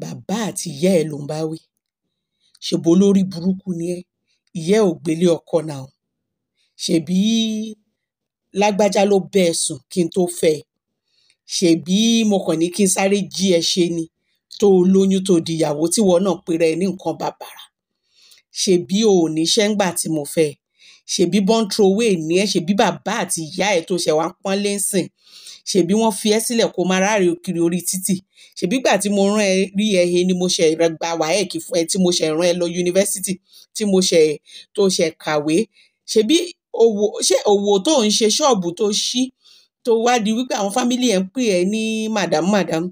bàbá àti ìyá ẹ lò ń bá wí ṣèbí olórí burúkú ni ẹ ìyá ẹ ò gbélé ọkọ náà ṣèbí lágbájá ló bẹ́ ẹ sùn kí n tó fẹ́ ẹ ṣèbí mo kàn ní kí n sáré jí ẹ ṣe ni tó o lóyún tó di ìyàwó tíwọ náà pera ẹ ní nǹkan bàbàrà ṣèbí o ò níṣẹ́ ńgbà tí mo fẹ́ ṣèbí bọ́ńtrowé ní ẹ ṣèbí bàbá àti ìyá ẹ tó ṣẹ̀ wá ń pọ́n ṣèbí wọ́n fi ẹ́ sílẹ̀ kó máa ráre kiri orí títì ṣèbí gbà tí mo rán ẹ rí ẹ he ni mo ṣe gba wáẹ́ẹ̀kì fún ẹ tí mo ṣe rán ẹ lọ yunifásitì tí mo ṣe tó ṣe kàwé ṣèbí òwò ṣé òwò tó ń ṣe ṣọ́ọ̀bù tó ṣí tó wá di wípé àwọn fámílì ẹ̀ ń pè ẹ́ ní màdàmú màdàmú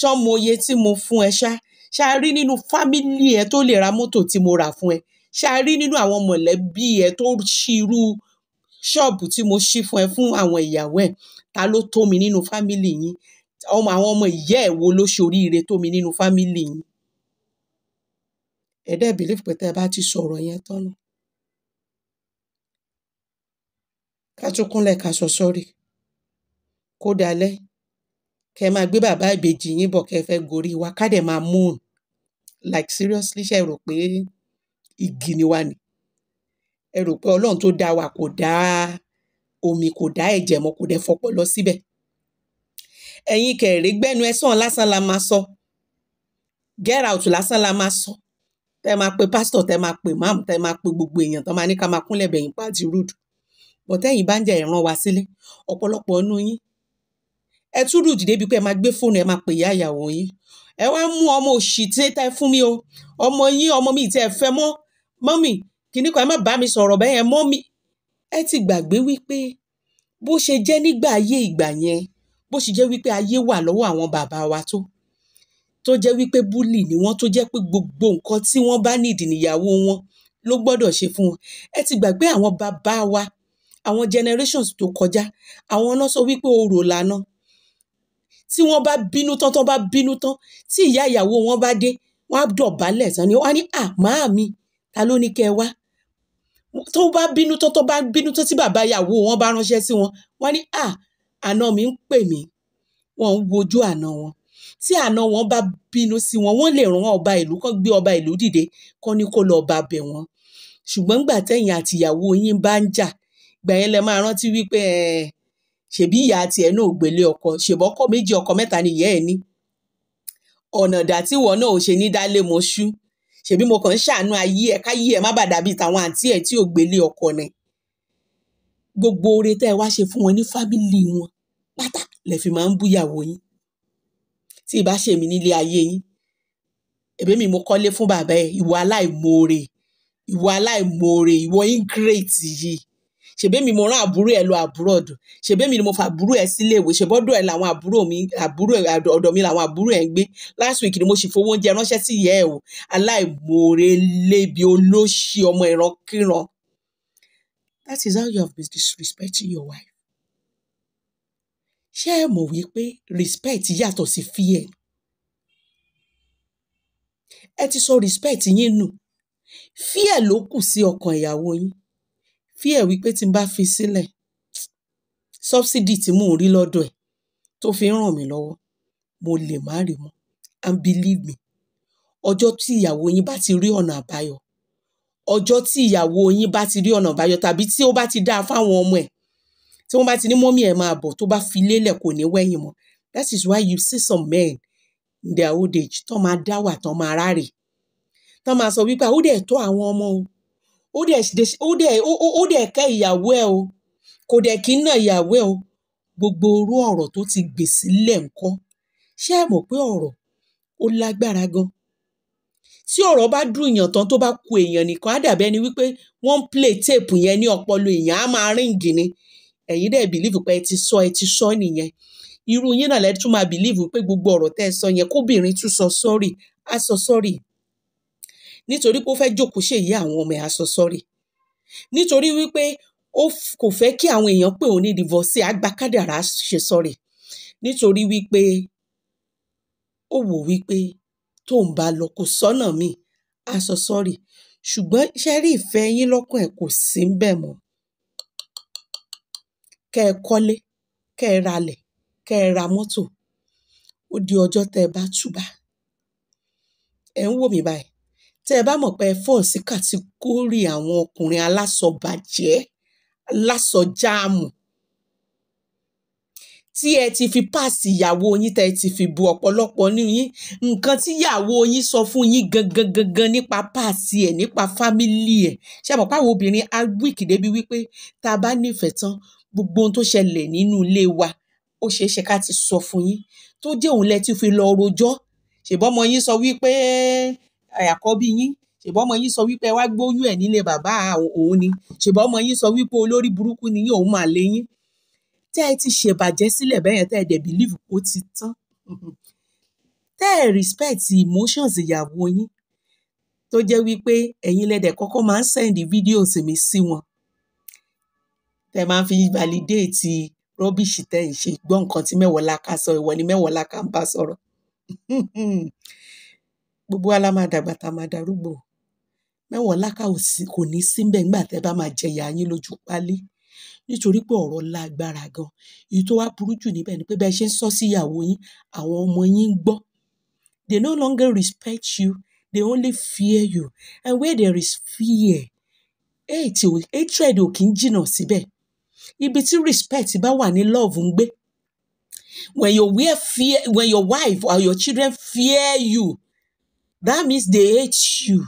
ṣọ́ mo iye tí mo fún ẹ ṣá ṣá rí nínú fámílì ẹ tó lè ra mọ́tò tí mo rà fún ẹ ṣá rí nínú àwọn mọ̀lẹ́bí ẹ tó ṣí ṣọ́ọ̀bù tí mo ṣí fún ẹ fún àwọn ìyàwó ẹ ta ló tó mi nínú fámílì yín ọmọ àwọn ọmọ ìyá ẹ̀ wo ló ṣe oríire tó mi nínú fámílì yín ẹ dẹ́ believe pé tẹ́ ẹ bá ti sọ̀rọ̀ yẹn tán náà ká tún kúnlẹ̀ ká sọ sọ́rí kó dalẹ́ kẹ máa gbé bàbá ìbejì yín bọ̀ kẹ fẹ́ gorí wa ká dẹ̀ máa moon like seriously ṣe rò pé igi ni wa ni ẹ rò pé ọlọ́run tó dá wa kò dá omi kò dá ẹ̀jẹ̀ mọ́ kò dẹ̀ fọpọ̀ lọ síbẹ̀ ẹ̀yin kẹrẹ gbẹ́nu ẹ lásán la máa sọ get out lásán la máa sọ tẹ máa pe pásítọ̀ tẹ máa pe máàmù tẹ máa pe gbogbo èèyàn tán máa ní ká máa kúnlẹ̀ bẹ̀yìn pàdé rúdù bọ̀tẹ́yìn bá ń jẹ́ ìran wa sílé ọ̀pọ̀lọpọ̀ ọ̀nù yín ẹ tún rúdù débi pé ẹ máa gbé fóònù ẹ máa pè ìyá ìyàwó yín ẹ wá mú ọmọ òṣì tí tẹ fún mi o ọmọ yín ọmọ mi tẹ fẹ́ mọ́ mọ́mì kíní kan ẹ má bá mi sọ̀rọ̀ bẹ́ẹ̀ yẹn mọ́mì ẹ ti gbàgbé wípé bó ṣe jẹ́ nígbà ayé ìgbà yẹn bó ṣe jẹ́ wípé ayé wà lọ́wọ́ àwọn bàbá wa tó tó jẹ́ wípé búlì ni wọ́n tó jẹ́ pé gbogbo nǹkan tí wọ́n bá nídìí níyàwó wọn ló gbọ́dọ̀ ṣe fún wọn ẹ ti gbàgbé àwọn bàbá wa àwọn generations tó kọjá àwọn náà sọ wípé orò lànà tí wọ́n bá bínú tán tán bá bínú tán tí ìyá ìyàwó wọn bá dé wọ́n á dọ̀bálẹ̀ tán ni wọ́n á ní à ta ló ní kẹ́ wá tó bá bínú tó tó bá bínú tó tí bàbá ìyàwó wọn bá ránṣẹ́ sí wọn wọ́n ní à àna mi ń pè mí wọ́n ń wojú àna wọn tí àna wọn bá bínú sí wọn wọ́n lè rán ọba ìlú kan gbé ọba ìlú dìde kán ní kó lọ́ọ́ bá bẹ̀ wọ́n ṣùgbọ́n gbà tẹ̀yìn àtìyàwó yín bá ń jà gbà yẹn lẹ máa rántí wípé ẹ̀ẹ́ ṣebí ìyá tiẹ̀ náà gbélé ọkọ ṣèbọ́kọ méjì ọkọ mẹ́ta ni ìyá ẹ̀ ní ọ̀nà dà tí náà ò ṣe ní dálé mọ́ṣú ṣèbí mo kàn ń ṣàánú ayé ẹ káyé ẹ má bàa dàbí tàwọn àǹtí ẹ tí ò gbélé ọkọ ni gbogbo oore tẹ́ ẹ wá ṣe fún wọn ní fámìlì wọn pátá lẹ máa ń búyàwó yín tí ì bá ṣèmi nílé ayé yín èbí mi mo kọ́lé fún bàbá ẹ ìwọ aláìmoore ìwọ aláìmoore ìwọ ingrate yìí ṣèbémi mo rán àbúrò ẹ lọ abroad ṣèbémi ni mo fa àbúrò ẹ sílé ṣèbọ́dọ̀ ẹ làwọn àbúrò mi àbúrò ẹ mi làwọn àbúrò ẹ ń gbé last week ni mo sì fowó oúnjẹ ránṣẹ́ sí ìyá ẹ o aláìmoore lébi olóṣì ọmọ ìrankíran that is how you have been disrespecting your wife ṣé ẹ mọ̀ wípé respect yàtọ̀ sí fear ẹ ti sọ respect yín nù fear ló kù sí ọkàn ìyàwó yín fear wípé tí n bá fi sílẹ̀ subsidy tí mò ń rí lọ́dọ̀ ẹ̀ tó fi ń ràn mí lọ́wọ́ mo lè má rí mọ́ and believe me ọjọ́ tí ìyàwó yín bá ti rí ọ̀nà àbáyọ ọjọ́ tí ìyàwó yín bá ti rí ọ̀nà àbáyọ tàbí tí ó bá ti dáa fáwọn ọmọ ẹ̀ tí wọ́n bá ti ní mọ́mí ẹ̀ máa bọ̀ tó bá fi lélẹ̀ kò ní wẹ̀yìn mọ́ that is why you see some men in their old age tó máa dá wà tó máa ráre tó máa sọ wípé àwọn ọmọ o ó dẹ̀ ó dẹ̀ ó dẹ̀ kẹ́ ìyàwó ẹ̀ o kò dẹ̀ kí ń nà ìyàwó ẹ̀ o gbogbo orú ọ̀rọ̀ tó ti gbè sílẹ̀ ńkọ́ ṣé ẹ mọ̀ pé ọ̀rọ̀ ó lágbára gan tí ọ̀rọ̀ bá dùn èèyàn tán tó bá ku èèyàn nìkan á dàbí ẹni wípé wọ́n ń play tape yẹn ní ọpọlọ èèyàn á máa ríǹgì ni ẹ̀yin dẹ̀ bìlíìfù pé ẹ ti sọ ẹ ti sọ nìyẹn irú yín náà lẹ́tún máa bìlíìfù pé gbogbo ọ̀rọ̀ tẹ́ ẹ sọ yẹn kóbìnrin tún sọ sọ́ọ̀rì á sọ sọ́ọ̀rì nítorí pé ó fẹ́ jókòó ṣèyí àwọn ọmọ ẹ̀ aṣọ sọ́rí nítorí wípé ó kò fẹ́ kí àwọn èèyàn pè òun ní divorce agbákádàrá ṣe sọ́rí nítorí wípé ó wò wípé tóun bá lọ kò sọ́nà míì aṣọ sọ́rí ṣùgbọ́n ṣe rí ìfẹ́ yín lọ́kàn ẹ̀ kò sí ń bẹ̀ mọ́ kẹ́ ẹ kọ́lé kẹ́ ẹ ralẹ̀ kẹ́ ẹ ra mọ́tò ó di ọjọ́ tẹ́ ẹ bá túbà ẹ̀ ń wò mí báyìí tẹ́ ẹ bá mọ̀ pé ẹ fọ́n sí kàtígórì àwọn ọkùnrin alásọbàjẹ́ alásọjáàmù tí ẹ ti fi páàsì ìyàwó yín tẹ́ ẹ ti fi bu ọ̀pọ̀lọpọ̀ níyín nǹkan tí ìyàwó yín sọ fún yín gangan gangan nípa páàsì ẹ̀ nípa fámílì ẹ̀ ṣe àmọ́ pàwọn obìnrin á wíìkì débi wípé tá a bá nífẹ̀ẹ́ tán gbogbo ohun tó ṣẹlẹ̀ nínú ilé wa ó ṣeé ṣe ká ti sọ fún yín tó jẹ́ òun lẹ ti fi lọ rojọ́ ṣèbọ́mọ yín sọ wípé àkọ́bí yín ṣèbọ́ ọmọ yín sọ wípé ẹ wá gbóyún ẹ̀ nílé bàbá òun ni ṣèbọ́ ọmọ yín sọ wípé olórí burúkú ni yín òun máa lé yín tẹ́ ẹ ti ṣèbàjẹ́ sílẹ̀ bẹ́yẹn tẹ́ ẹ dẹ̀ bìlíìfù ó ti tán tẹ́ ẹ respect emotions ìyàwó yín tó jẹ́ wípé ẹ̀yin lẹ́dẹ̀ kọ́kọ́ máa ń send videos mi sí wọn tẹ́ máa fi validate rubbish tẹ́ ẹ̀ ṣe gbọ́ nǹkan tí Mẹ́wọ̀ọ́láka sọ ìwọ ni Mẹ́wọ̀ọ́láka ń bá sọ̀rọ̀ gbogbo wa máa dàgbà tá a máa darúgbó mẹ́wọ̀n láká kò ní síbẹ̀ nígbà tẹ́ bá máa jẹyà yín lójú pálí nítorí pé ọ̀rọ̀ lágbára gan èyí tó wá burú jù níbẹ̀ ni pé bẹ́ẹ̀ ṣe ń sọ sí ìyàwó yín àwọn ọmọ yín gbọ́ they no longer respect you they only fear you and where there is fear hatred ò kì í jìnnà síbẹ̀ ibi tí respect bá wà ní love ń gbé when your, fear, when your wife or your children fear you That means they hate you.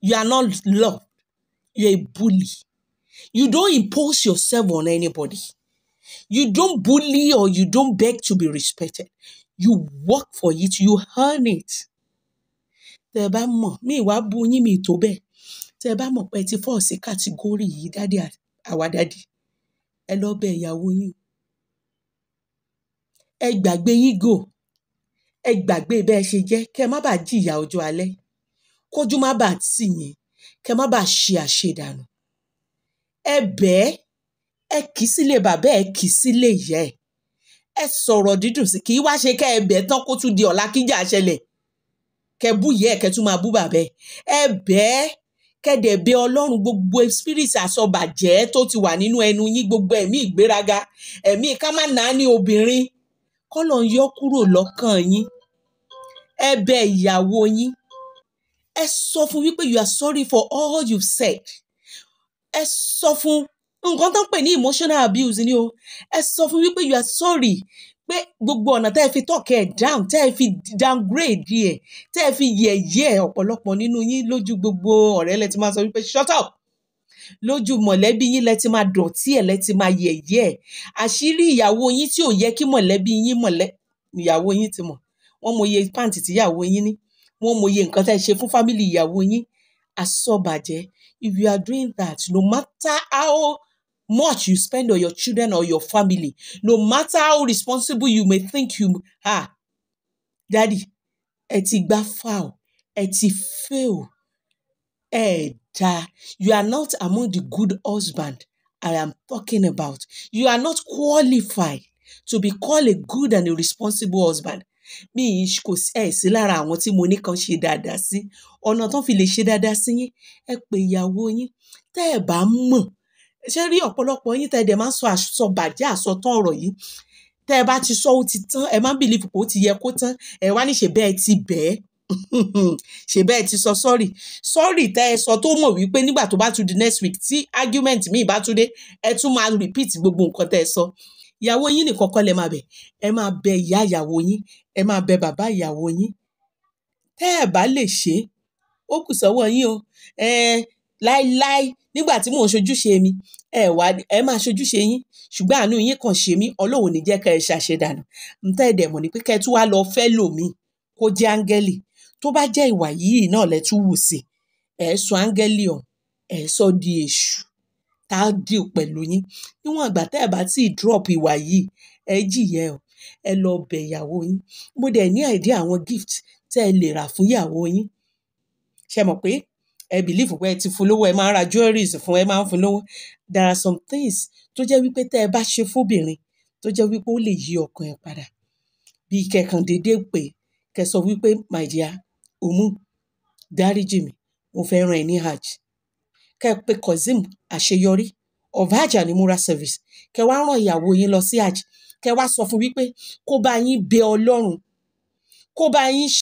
You are not loved. You're a bully. You don't impose yourself on anybody. You don't bully or you don't beg to be respected. You work for it. You earn it. Tẹ́ ẹ bá mọ̀ mí ìwà bu yín mi tó bẹ́ẹ̀. Tẹ́ ẹ bá mọ̀ pé ti fọ́ sí kàtígórì yìí dádì àwa dádì. Ẹ lọ bẹ ìyàwó yín. Ẹ gbàgbé yín ẹ gbàgbé bẹ́ẹ̀ ṣe jẹ́ kẹ́ má bàa jìyà ọjọ́ alẹ́ kójú má bàa tì yín kẹ́ má bàa ṣe àṣedànù ẹ bẹ́ẹ̀ ẹ kì í sílé bàbá ẹ kì í sílé ìyá ẹ ẹ sọ̀rọ̀ dídùn sí kì í wá ṣe kẹ́ ẹ bẹ́ẹ̀ tán kó tún di ọ̀la kíjà ṣẹlẹ̀ kẹ́ bú ìyá ẹ kẹ́ tún máa bú bàbá ẹ ẹ bẹ́ẹ̀ bẹ ọlọ́run gbogbo spirit àsọbàjẹ́ tó ti wà nínú ẹnu yín gbogbo ẹ̀mí ìgbéraga ẹ̀mí ká má nàá ní obìnrin kọ́lọ̀ ń yọ kúrò lọ́kàn yín ẹ bẹ ìyàwó yín ẹ sọ fún wípé you are sorry for all you said ẹ sọ fún nǹkan tó ń pè ní emotional abuse ni o ẹ sọ fún wípé you are sorry pé gbogbo ọ̀nà tẹ́ ẹ fi tọ̀kẹ́ ẹ̀ down tẹ́ ẹ fi downgrade ẹ̀ tẹ́ ẹ fi yẹ̀yẹ́ ọ̀pọ̀lọpọ̀ nínú yín lójú gbogbo ọ̀rẹ́ lẹ ti máa sọ wípé shut up lójú mọ̀lẹ́bí yín lẹ ti máa dọ̀tí ẹ̀ lẹ ti máa yẹ̀yẹ́ ẹ̀ àṣírí ìyàwó yín tí ò yẹ kí mọ̀lẹ́bí yín mọ̀lẹ́ ìyàwó yín ti mọ̀ wọ́n mọ iye pàǹtì tíyàwó yín ní wọ́n mọ iye nǹkan tẹ́ ṣe fún fámìlì ìyàwó yín àsọbàjẹ́ if you are doing that no matter how much you spend on your children or your family no matter how responsible you may think you are daddy ẹ ti gbá foul ẹ ti fail ẹ dá you are not among the good husband I am talking about you are not qualified to be called a good and a responsible husband mi kò ẹ̀ sí lára àwọn tí mo ní kan ṣe dáadáa sí ọ̀nà tó fi lè ṣe dáadáa sí yín ẹ pè ìyàwó yín tẹ́ ẹ bá mọ̀ ṣé rí ọ̀pọ̀lọpọ̀ yín tẹ́ ẹ dẹ̀ máa ń sọ àsọbàjẹ́ àsọtán ọ̀rọ̀ yìí tẹ́ ẹ bá ti sọ ó ti tán ẹ máa ń bìlífù pé ó ti yẹ kó tán ẹ wá ní ṣe bẹ́ẹ̀ ti bẹ́ẹ̀ ṣe bẹ́ẹ̀ ti sọ sọ́ọ̀rì sọ́ọ̀rì tẹ́ ẹ sọ tó mọ̀ wípé nígbà tó bá tún di next week tí argument míì bá tún dé ẹ tún máa repeat gbogbo nǹkan tẹ́ ẹ sọ ìyàwó yín nìkan kọ́ lẹ máa bẹ̀ ẹ máa bẹ ìyá ìyàwó yín ẹ máa bẹ bàbá ìyàwó yín tẹ́ ẹ bá lè ṣe ó kù sọ́wọ́ yín o ẹ láíláí nígbà tí mò ń ṣojúṣe mi ẹ wá ẹ máa ṣojúṣe yín ṣùgbọ́n àánú yín kàn ṣe mí ọlọ́run ní jẹ́ ká ẹ ṣàṣẹ dànù ntẹ́ ẹ̀dẹ̀ mọ̀ ní pé kẹ́ ẹ tún wá lọ fẹ́ lòmíì kó jẹ́ áńgẹ́lì tó bá jẹ́ ìwà yìí náà lẹ́tún wù sí ẹ̀ sọ áńgẹ́lì ọ̀hún ẹ̀ sọ di èṣù tá a deal pẹ̀lú yín níwọ̀n ìgbà tẹ́ ẹ̀ bá ti drop ìwà yìí ẹ jìyẹ o ẹ lọ bẹ ìyàwó yín mo dẹ̀ ní àìdí àwọn gift tẹ́ ẹ lè rà fún ìyàwó yín ṣe mọ̀ pé ẹ bìlífù pé ẹ ti fún lówó ẹ máa ń ra jewelries fún ẹ máa ń fún lówó there are some things tó jẹ́ wípé tẹ́ ẹ bá ṣe fóbìnrin tó jẹ́ wípé ó lè yí ọkàn ẹ padà bí kẹkàn déédéé pé kẹ sọ wípé my dear òmù dáríjì mi mo fẹ́ rán ẹ ní hajj kẹ́ ẹ pe Kazeem àṣeyọrí of hajj and umrah service kẹ́ wá rán ìyàwó yín lọ sí hajj kẹ́ wá sọ fún wípé kó bá yín bẹ Ọlọ́run kó bá yín